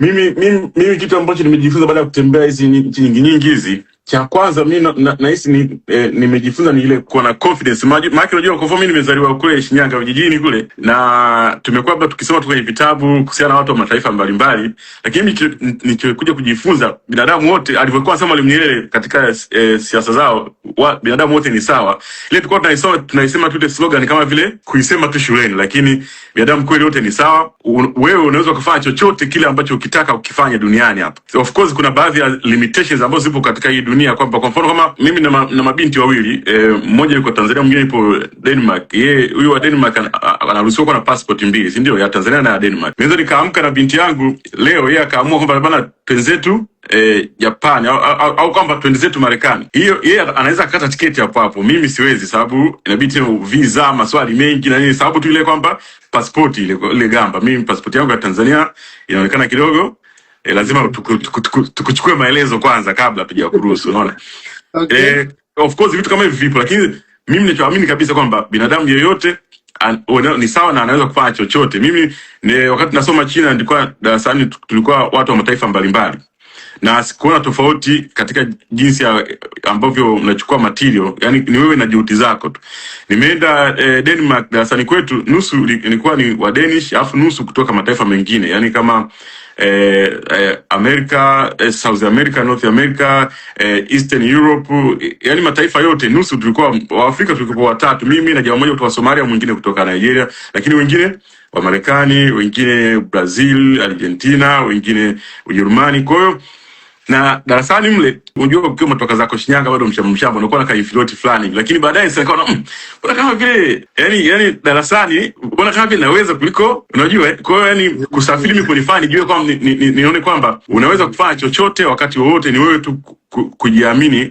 Mimi, mimi, mimi kitu ambacho nimejifunza baada ya kutembea hizi nchi nyingi nyingi hizi cha kwanza mi nahisi na, na ni, eh, nimejifunza ni ile kuwa na confidence, maana unajua kwa mimi nimezaliwa kule Shinyanga vijijini kule, na tumekuwa labda tukisoma tu kwenye vitabu kuhusiana na watu wa mataifa mbalimbali, lakini nichokuja kujifunza binadamu wote alivyokuwa anasema Mwalimu Nyerere katika eh, siasa zao wa, binadamu wote ni sawa. Ile tulikuwa tunaisoma tunaisema tu slogan kama vile kuisema tu shuleni, lakini binadamu kweli wote ni sawa. wewe unaweza kufanya chochote kile ambacho ukitaka ukifanya duniani hapa. Of course kuna baadhi ya limitations ambazo zipo katika hii dunia kwamba kwa mfano kama mimi na, ma, na mabinti wawili eh, mmoja yuko Tanzania mwingine yupo Denmark. Ye huyu wa Denmark anaruhusiwa kuwa na passport mbili, si ndio? Ya Tanzania na ya Denmark. Naweza nikaamka na binti yangu leo, yeye akaamua kwamba bana twenzetu E, eh, Japan au, au, au kwamba twende zetu Marekani. Hiyo yeye anaweza akakata tiketi hapo hapo. Mimi siwezi, sababu inabidi visa, maswali mengi na nini, sababu tu ile kwamba pasipoti ile ile gamba. Mimi pasipoti yangu ya Tanzania inaonekana kidogo e, lazima tukuchukue maelezo kwanza kabla hatuja kuruhusu, unaona okay. e, of course vitu kama hivi vipo, lakini mimi ninachoamini kabisa kwamba binadamu yeyote an, ni sawa na anaweza kufanya chochote. Mimi ne, wakati nasoma China ndikuwa darasani, tulikuwa watu wa mataifa mbalimbali na sikuona tofauti katika jinsi ya ambavyo mnachukua material, yani ni wewe na juhudi zako tu. Nimeenda eh, Denmark darasani kwetu nusu ilikuwa ni wa Danish, alafu nusu kutoka mataifa mengine, yani kama Eh, eh, America eh, South America, North America eh, Eastern Europe eh, yani mataifa yote nusu, tulikuwa Waafrika tulikuwa watatu, mimi na jamaa mmoja kutoka Somalia, mwingine kutoka Nigeria, lakini wengine wa Marekani, wengine Brazil, Argentina, wengine Ujerumani. Kwa hiyo na darasani mle, unajua ukiwa umetoka zako Shinyanga bado mshamba, unakuwa na kaifiloti fulani, lakini baadaye sasa nikaona mm, mbona kama vile yani yani darasani mbona kama vile naweza kuliko unajua. Eh, kwa hiyo yani kusafiri mimi kunifanya nijue kwamba nione kwamba unaweza kufanya chochote wakati wowote, ni wewe tu kujiamini.